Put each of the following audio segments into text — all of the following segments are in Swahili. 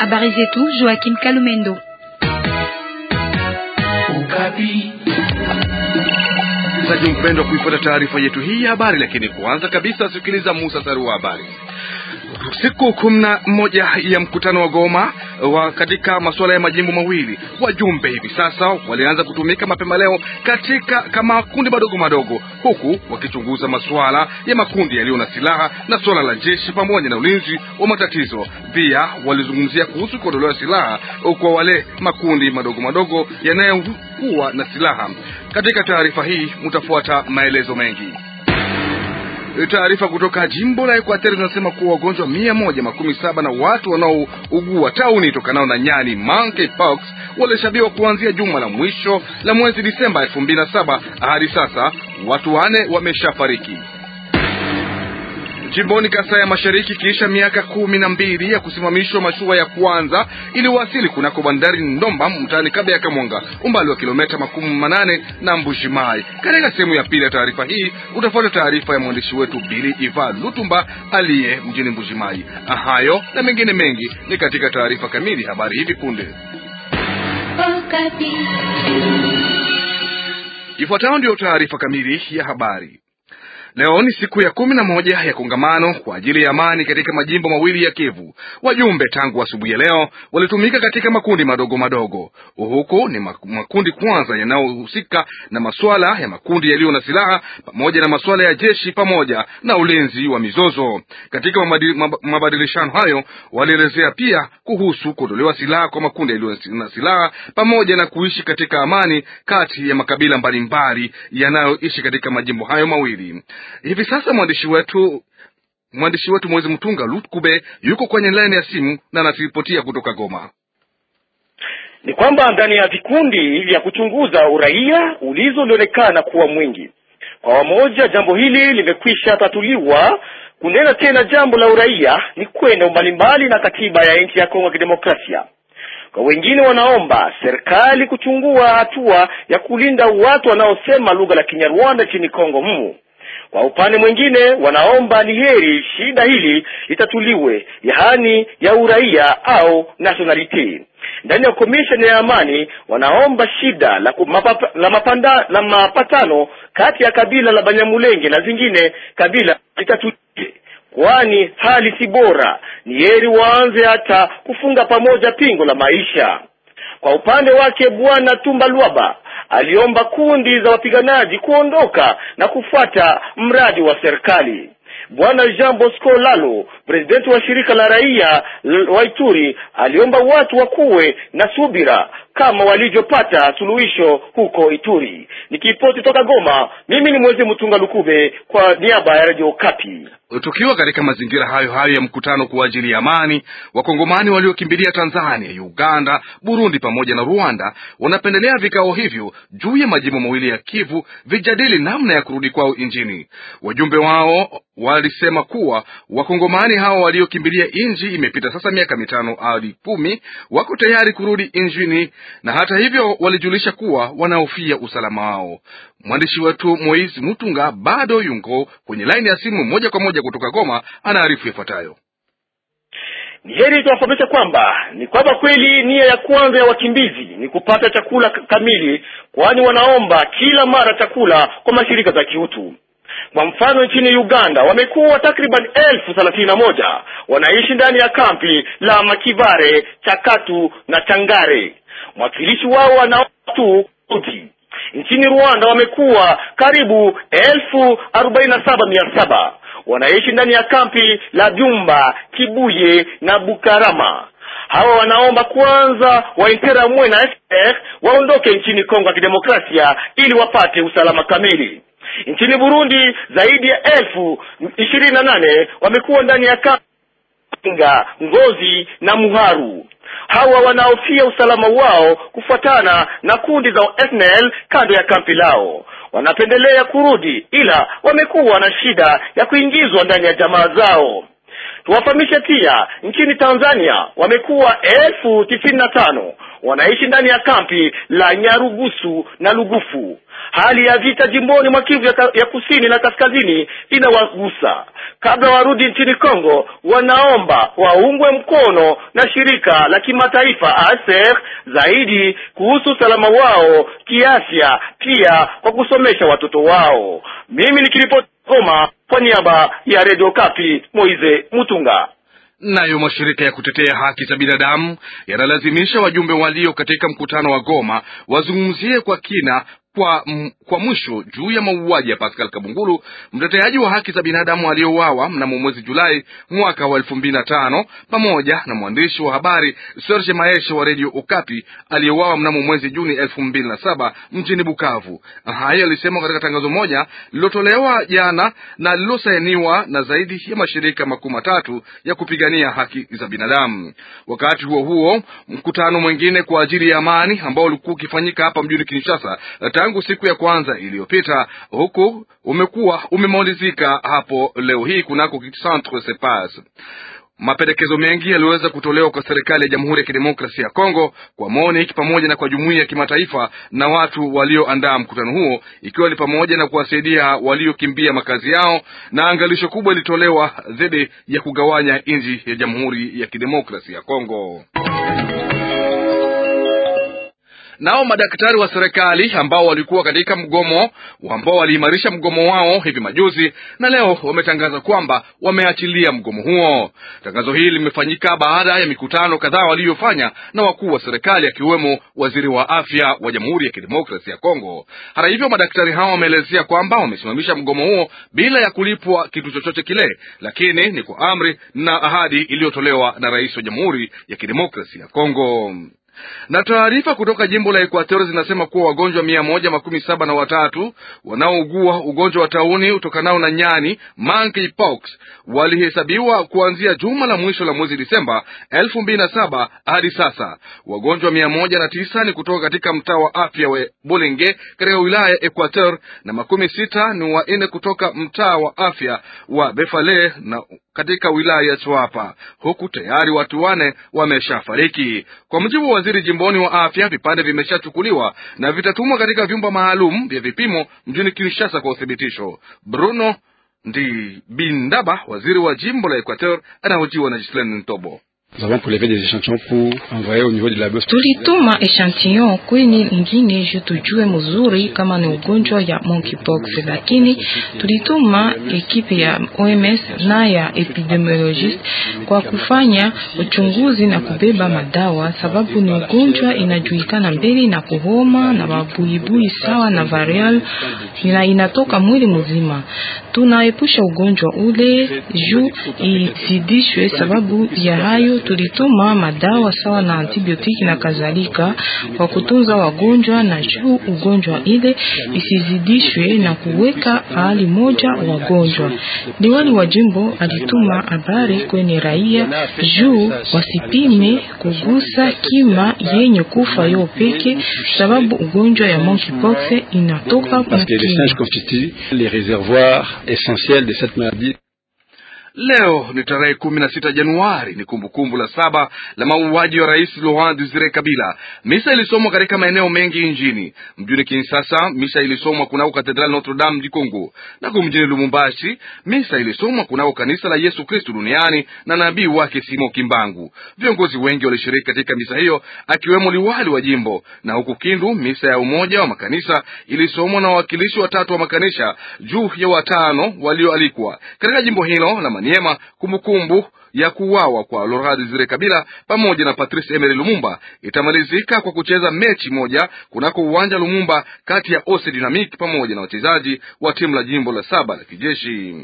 Habari zetu Joaquim Kalumendo. Msaji mpendwa kuifuata taarifa yetu hii ya habari, lakini kwanza kabisa sikiliza Musa Saru wa habari. Siku kumi na moja ya mkutano wa Goma wa katika masuala ya majimbo mawili, wajumbe hivi sasa walianza kutumika mapema leo katika kama kundi madogo madogo, huku wakichunguza masuala ya makundi yaliyo na silaha na suala la jeshi pamoja na ulinzi wa matatizo. Pia walizungumzia kuhusu kuondolewa silaha kwa wale makundi madogo madogo yanayokuwa na silaha. Katika taarifa hii mtafuata maelezo mengi. E, taarifa kutoka jimbo la Ekwateri zinasema kuwa wagonjwa mia moja makumi saba na watu wanaougua tauni itokanao na nyani monkeypox walishabiwa kuanzia juma la mwisho la mwezi Disemba elfu mbili na saba hadi sasa watu wane wameshafariki. Jimboni Kasai ya Mashariki, kisha miaka kumi na mbili ya kusimamishwa mashua ya kwanza iliwasili kunako bandari Ndomba mtaani kabla ya Kamwanga, umbali wa kilometa makumi manane na Mbushimai. Katika sehemu ya pili ya taarifa hii utafuata taarifa ya mwandishi wetu Bili Iva Lutumba aliye mjini Mbushimai. Hayo na mengine mengi ni katika taarifa kamili, habari hivi punde. Ifuatayo ndiyo taarifa kamili ya habari. Leo ni siku ya kumi na moja ya kongamano kwa ajili ya amani katika majimbo mawili ya Kivu. Wajumbe tangu asubuhi ya leo walitumika katika makundi madogo madogo. Huku ni makundi kwanza yanayohusika na masuala ya makundi yaliyo na silaha pamoja na masuala ya jeshi pamoja na ulinzi wa mizozo. Katika mabadilishano hayo walielezea pia kuhusu kuondolewa silaha kwa makundi yaliyo na silaha pamoja na kuishi katika amani kati ya makabila mbalimbali yanayoishi katika majimbo hayo mawili. Hivi sasa mwandishi wetu mwandishi wetu Mwezi Mtunga Lutkube yuko kwenye laini ya simu na anaturipotia kutoka Goma ni kwamba ndani ya vikundi vya kuchunguza uraia ulizo ulionekana kuwa mwingi kwa wamoja, jambo hili limekwisha tatuliwa. Kunena tena jambo la uraia ni kwenda mbalimbali na katiba ya nchi ya Kongo ya Kidemokrasia. Kwa wengine, wanaomba serikali kuchungua hatua ya kulinda watu wanaosema lugha la Kinyarwanda nchini Kongo humu. Kwa upande mwingine, wanaomba ni heri shida hili litatuliwe, yaani ya uraia au nationality. Ndani ya komisheni ya amani wanaomba shida la, la, mapanda, la mapatano kati ya kabila la Banyamulenge na zingine kabila litatuliwe kwani hali si bora. Ni heri waanze hata kufunga pamoja pingo la maisha. Kwa upande wake Bwana Tumba Lwaba aliomba kundi za wapiganaji kuondoka na kufuata mradi wa serikali. Bwana Jean Bosco Lalo, presidenti wa shirika la raia wa Ituri, aliomba watu wakuwe na subira kama walivyopata suluhisho huko Ituri. Nikiripoti toka Goma, mimi ni Mwezi Mtunga Lukube kwa niaba ya Radio Kapi. Tukiwa katika mazingira hayo hayo ya mkutano kwa ajili ya amani, wakongomani waliokimbilia Tanzania, Uganda, Burundi pamoja na Rwanda wanapendelea vikao hivyo juu ya majimbo mawili ya Kivu vijadili namna ya kurudi kwao nchini. Wajumbe wao walisema kuwa wakongomani hao waliokimbilia nchi imepita sasa miaka mitano hadi kumi wako tayari kurudi nchini, na hata hivyo walijulisha kuwa wanahofia usalama wao. Mwandishi wetu Moise Mutunga bado yungo kwenye laini ya simu moja kwa moja moja kutoka Goma anaarifu yafuatayo Ni heri tuwafahamishe kwamba ni kwamba kweli nia ya kwanza ya wakimbizi ni kupata chakula kamili, kwani wanaomba kila mara chakula kwa mashirika za kiutu. Kwa mfano nchini Uganda wamekuwa takriban elfu thelathini na moja wanaishi ndani ya kampi la Makivare, Chakatu na Changare. Mwakilishi wao wanaomba tu uti. Nchini Rwanda wamekuwa karibu elfu arobaini na saba mia saba wanaishi ndani ya kampi la jumba Kibuye na Bukarama. Hawa wanaomba kwanza mwe na FDLR waondoke nchini Kongo ya Kidemokrasia ili wapate usalama kamili. Nchini Burundi zaidi ya elfu ishirini na nane wamekuwa ndani ya kampi Inga, Ngozi na Muharu. Hawa wanaofia usalama wao kufuatana na kundi za fnl kando ya kampi lao wanapendelea kurudi, ila wamekuwa na shida ya kuingizwa ndani ya jamaa zao. Tuwafahamishe pia nchini Tanzania wamekuwa elfu tisini na tano wanaishi ndani ya kampi la Nyarugusu na Lugufu Hali ya vita jimboni mwa Kivu ya, ya kusini na kaskazini inawagusa. Kabla warudi nchini Kongo, wanaomba waungwe mkono na shirika la kimataifa ASER zaidi kuhusu usalama wao kiafya, pia kwa kusomesha watoto wao. Mimi nikiripoti Goma kwa niaba ya Radio Kapi, Moize Mutunga. Nayo mashirika ya kutetea haki za binadamu yanalazimisha wajumbe walio katika mkutano wa Goma wazungumzie kwa kina kwa, kwa mwisho juu ya mauaji ya Pascal Kabungulu, mteteaji wa haki za binadamu aliyouawa mnamo mwezi Julai mwaka wa elfu mbili na tano pamoja na mwandishi wa habari Serge Maeshe wa redio Okapi aliyouawa mnamo mwezi Juni elfu mbili na saba mjini Bukavu. Hayo alisemwa katika tangazo moja lilotolewa jana na lililosainiwa na zaidi ya mashirika makuu matatu ya kupigania haki za binadamu. Wakati huo huo, mkutano mwingine kwa ajili ya amani ambao ulikuwa ukifanyika hapa mjini Kinshasa eh, tangu siku ya kwanza iliyopita, huku umekuwa umemalizika hapo leo hii kunako centre Sepas. Mapendekezo mengi yaliweza kutolewa kwa serikali ya Jamhuri ya Kidemokrasia ya Kongo kwa MONUC pamoja na kwa jumuiya ya kimataifa na watu walioandaa mkutano huo, ikiwa ni pamoja na kuwasaidia waliokimbia makazi yao, na angalisho kubwa ilitolewa dhidi ya kugawanya nchi ya Jamhuri ya Kidemokrasia ya Kongo. Nao madaktari wa serikali ambao walikuwa katika mgomo ambao waliimarisha mgomo wao hivi majuzi, na leo wametangaza kwamba wameachilia mgomo huo. Tangazo hili limefanyika baada ya mikutano kadhaa waliyofanya na wakuu wa serikali, akiwemo waziri wa afya wa Jamhuri ya Kidemokrasia ya Kongo. Hata hivyo, madaktari hao wameelezea kwamba wamesimamisha mgomo huo bila ya kulipwa kitu chochote kile, lakini ni kwa amri na ahadi iliyotolewa na rais wa Jamhuri ya Kidemokrasia ya Kongo na taarifa kutoka jimbo la Ekuator zinasema kuwa wagonjwa mia moja makumi saba na watatu wanaougua ugonjwa wa tauni utokanao na nyani monkeypox walihesabiwa kuanzia juma la mwisho la mwezi Disemba elfu mbili na saba hadi sasa. Wagonjwa mia moja na tisa ni kutoka katika mtaa wa afya wa bulinge katika wilaya ya Ekuator na makumi sita ni wanne kutoka mtaa wa afya wa Befale na katika wilaya ya Chwapa, huku tayari watu wane wameshafariki. Kwa mujibu wa waziri jimboni wa afya, vipande vimeshachukuliwa na vitatumwa katika vyumba maalum vya vipimo mjini Kinshasa kwa uthibitisho. Bruno Ndi Bindaba, waziri wa jimbo la Equateur, anahojiwa na Jislen Ntobo. Tulituma echantillon kwini ingine ju tujue mzuri kama ni ugonjwa ya monkeypox, lakini tulituma ekipe ya OMS na ya epidemiologist kwa kufanya uchunguzi na kubeba madawa, sababu ni ugonjwa inajulikana mbele na kuhoma na mabuibui sawa na varial na inatoka mwili mzima. Tunaepusha ugonjwa ule ju izidishwe sababu ya hayo ambayo tulituma madawa sawa na antibiotiki na kadhalika kwa kutunza wagonjwa na juu ugonjwa ile isizidishwe na kuweka hali moja wagonjwa. Diwani wa jimbo alituma habari kwenye raia juu wasipime kugusa kima yenye kufa yo peke, sababu ugonjwa ya monkeypox inatoka kwa Leo ni tarehe kumi na sita Januari, ni kumbukumbu la saba la mauaji wa Rais Laurent Desire Kabila. Misa ilisomwa katika maeneo mengi nchini. Mjini Kinshasa, misa ilisomwa kunako katedrali Notre Dame di Congo, nako mjini Lumumbashi misa ilisomwa kunako kanisa la Yesu Kristu duniani na nabii wake Simo Kimbangu. Viongozi wengi walishiriki katika misa hiyo, akiwemo liwali wa jimbo. Na huku Kindu, misa ya umoja wa makanisa ilisomwa na wawakilishi watatu wa makanisa juu ya watano walioalikwa katika jimbo hilo la Ipanema como Cumbu, ya kuuawa kwa Laurent Desire Kabila pamoja na Patrice Emery Lumumba itamalizika kwa kucheza mechi moja kunako uwanja Lumumba kati ya Ose Dynamic pamoja na wachezaji wa timu la jimbo la saba la kijeshi.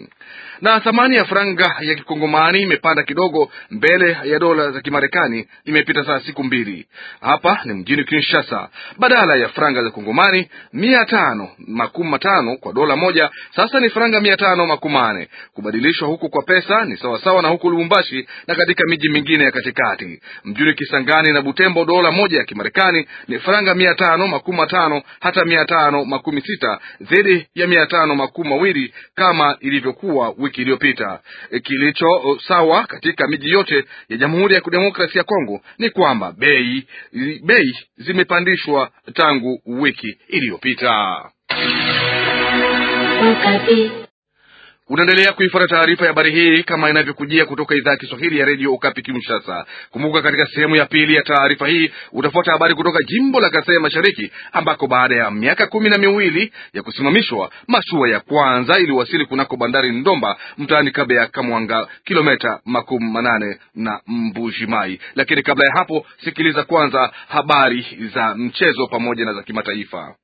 Na thamani ya franga ya kikongomani imepanda kidogo mbele ya dola za Kimarekani, imepita saa siku mbili. Hapa ni mjini Kinshasa, badala ya franga za kongomani mia tano makumi matano kwa dola moja, sasa ni franga mia tano makumi Kubadilishwa huku kwa pesa ni sawasawa na huku Lumumba Lubumbashi na katika miji mingine ya katikati. Mjini Kisangani na Butembo, dola moja ya Kimarekani ni faranga mia tano makumi matano hata mia tano makumi sita dhidi ya mia tano makumi mawili kama ilivyokuwa wiki iliyopita. E, kilicho sawa katika miji yote ya Jamhuri ya Kidemokrasia ya Kongo ni kwamba bei bei zimepandishwa tangu wiki iliyopita. Unaendelea kuifuata taarifa ya habari hii kama inavyokujia kutoka idhaa ya Kiswahili ya redio Okapi Kinshasa. Kumbuka, katika sehemu ya pili ya taarifa hii utafuata habari kutoka jimbo la Kasai Mashariki ambako baada ya miaka kumi na miwili ya kusimamishwa mashua ya kwanza iliwasili kunako bandari Ndomba mtaani Kabeya Kamwanga, kilometa makumi manane na Mbujimai. Lakini kabla ya hapo, sikiliza kwanza habari za mchezo pamoja na za kimataifa.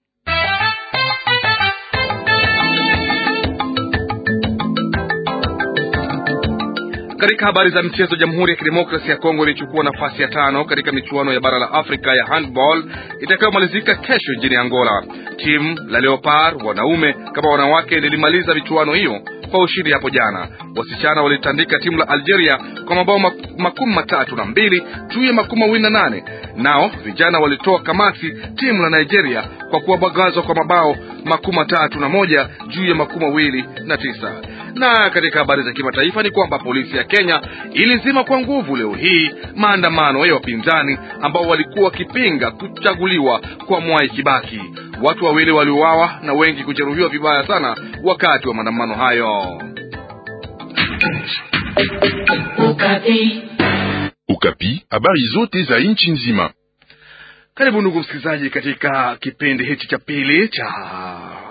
Katika habari za michezo, Jamhuri ya Kidemokrasia ya Kongo imechukua nafasi ya tano katika michuano ya bara la Afrika ya handball itakayomalizika kesho nchini Angola. Timu la Leopard wanaume kama wanawake lilimaliza michuano hiyo kwa ushindi hapo jana. Wasichana walitandika timu la Algeria kwa mabao makumi matatu na mbili juu ya makumi mawili na nane. Nao vijana walitoa kamati timu la Nigeria kwa kuwabagazwa kwa mabao makumi matatu na moja juu ya makumi mawili na tisa. Na katika habari za kimataifa ni kwamba polisi ya Kenya ilizima kwa nguvu leo hii maandamano ya wapinzani ambao walikuwa wakipinga kuchaguliwa kwa Mwai Kibaki. Watu wawili waliuawa na wengi kujeruhiwa vibaya sana wakati wa maandamano hayo. Ukapi. Ukapi, habari zote za nchi nzima. Karibu ndugu msikilizaji, katika kipindi hichi cha pili cha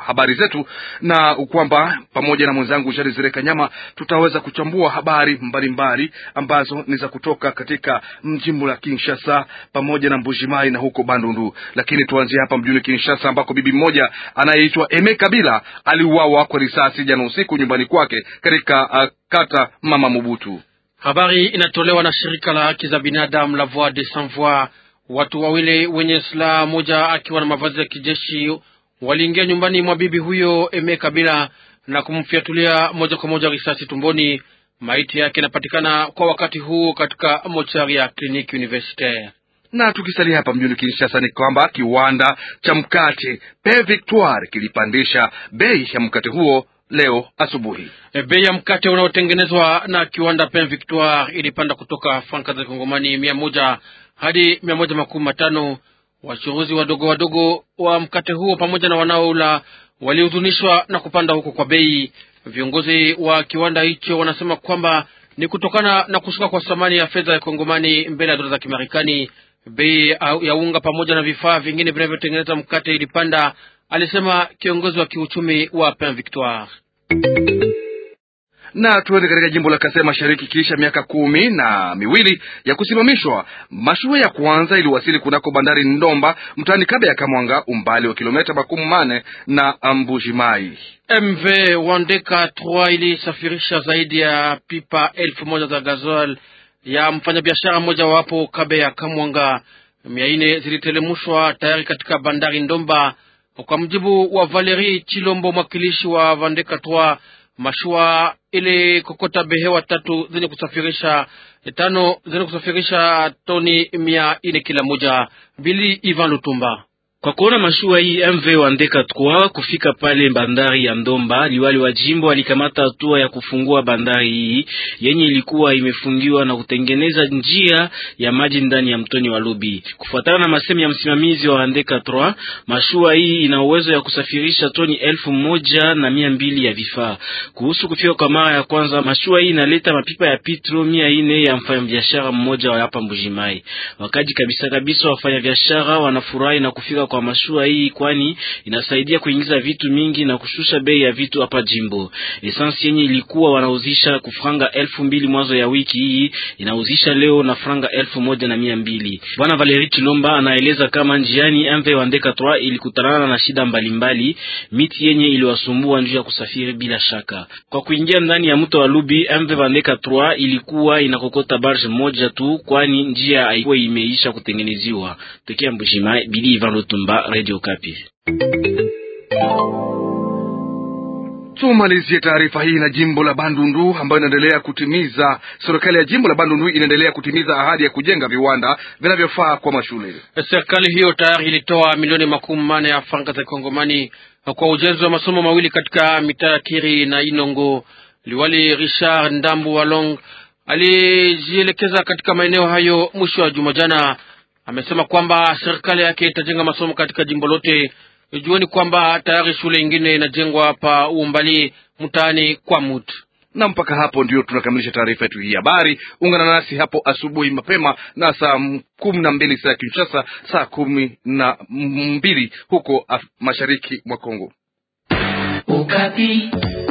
habari zetu, na kwamba pamoja na mwenzangu Shari Zireka Nyama tutaweza kuchambua habari mbalimbali mbali, ambazo ni za kutoka katika mjimbo la Kinshasa pamoja na Mbujimai na huko Bandundu. Lakini tuanzie hapa mjini Kinshasa ambako bibi mmoja anayeitwa Eme Kabila aliuawa kwa risasi jana usiku nyumbani kwake katika uh, kata Mama Mubutu. Habari inatolewa na shirika la haki za binadamu la Voix des Sans Voix. Watu wawili wenye silaha, moja akiwa na mavazi ya kijeshi waliingia nyumbani mwa bibi huyo Eme Kabila na kumfyatulia moja kwa moja risasi tumboni. Maiti yake inapatikana kwa wakati huu katika mochari ya kliniki universitaire na tukisalia hapa mjini Kinshasa ni kwamba kiwanda cha mkate Pe Victoire kilipandisha bei ya mkate huo leo asubuhi. E, bei ya mkate unaotengenezwa na kiwanda Pe Victoire ilipanda kutoka franka za kongomani mia moja hadi mia moja makumi matano Wachuruzi wadogo wadogo wa mkate huo pamoja na wanaoula walihuzunishwa na kupanda huko kwa bei. Viongozi wa kiwanda hicho wanasema kwamba ni kutokana na kushuka kwa thamani ya fedha ya kongomani mbele ya dola za Kimarekani. Bei ya unga pamoja na vifaa vingine vinavyotengeneza mkate ilipanda, alisema kiongozi wa kiuchumi wa Pain Victoire. Na tuende katika jimbo la Kasai Mashariki. Kisha miaka kumi na miwili ya kusimamishwa, mashua ya kwanza iliwasili kunako bandari Ndomba mtaani Kabe ya Kamwanga, umbali wa kilometa makumi mane na Mbujimai. MV Wandeka 3 ilisafirisha zaidi ya pipa elfu moja za gazol ya mfanyabiashara mmoja wapo Kabe ya Kamwanga. Mia nne zilitelemushwa tayari katika bandari Ndomba kwa mjibu wa Valeri Chilombo, mwakilishi wa Vandeka 3 mashua ili kokota behewa tatu zenye kusafirisha eh, tano zenye kusafirisha toni mia ine kila moja. Bili Ivan Lutumba kwa kuona mashua hii MV Wandeka 3 kufika pale bandari ya Ndomba, liwali wa jimbo alikamata hatua ya kufungua bandari hii yenye ilikuwa imefungiwa na kutengeneza njia ya maji ndani ya mtoni wa Lubi. Kufuatana na masemi ya msimamizi wa Wandeka 3, mashua hii ina uwezo ya kusafirisha toni elfu moja na mia mbili ya vifaa. Kuhusu kufika kwa mara ya kwanza, mashua hii inaleta mapipa ya pitro mia ine ya mfanyabiashara mmoja wa hapa Mbujimai. Wakaji kabisa kabisa wafanyabiashara wanafurahi na kufika kwa kwa mashua hii, kwani inasaidia kuingiza vitu mingi na kushusha bei ya vitu hapa jimbo. Esansi yenye ilikuwa wanauzisha kufranga elfu mbili mwanzo ya wiki hii inauzisha leo na franga elfu moja na mia mbili. Bwana Valeri Chilomba anaeleza kama njiani amve wandeka trois ilikutanana na shida mbalimbali mbali, miti yenye iliwasumbua njuu ya kusafiri bila shaka. Kwa kuingia ndani ya mto wa Lubi, MV Vandeka 3 ilikuwa inakokota barge moja tu, kwani njia haikuwa imeisha kutengeneziwa. Tokea Mbushima, Bidi Ivan Lutu. Lumba, Radio Kapi. Tumalizie taarifa hii na jimbo la Bandundu ambayo inaendelea kutimiza. Serikali ya jimbo la Bandundu inaendelea kutimiza ahadi ya kujenga viwanda vinavyofaa kwa mashule. Serikali hiyo tayari ilitoa milioni makumi mane ya franka za kongomani kwa ujenzi wa masomo mawili katika mitaa ya Kiri na Inongo. Liwali Richard Ndambu Walong alijielekeza katika maeneo hayo mwisho wa juma jana amesema kwamba serikali yake itajenga masomo katika jimbo lote. Jueni kwamba tayari shule ingine inajengwa hapa Umbali mtaani kwa Mut na mpaka hapo ndio tunakamilisha taarifa yetu hii habari. Ungana nasi hapo asubuhi mapema na saa kumi na mbili saa ya Kinshasa, saa kumi na mbili huko mashariki mwa Kongo. Ukati.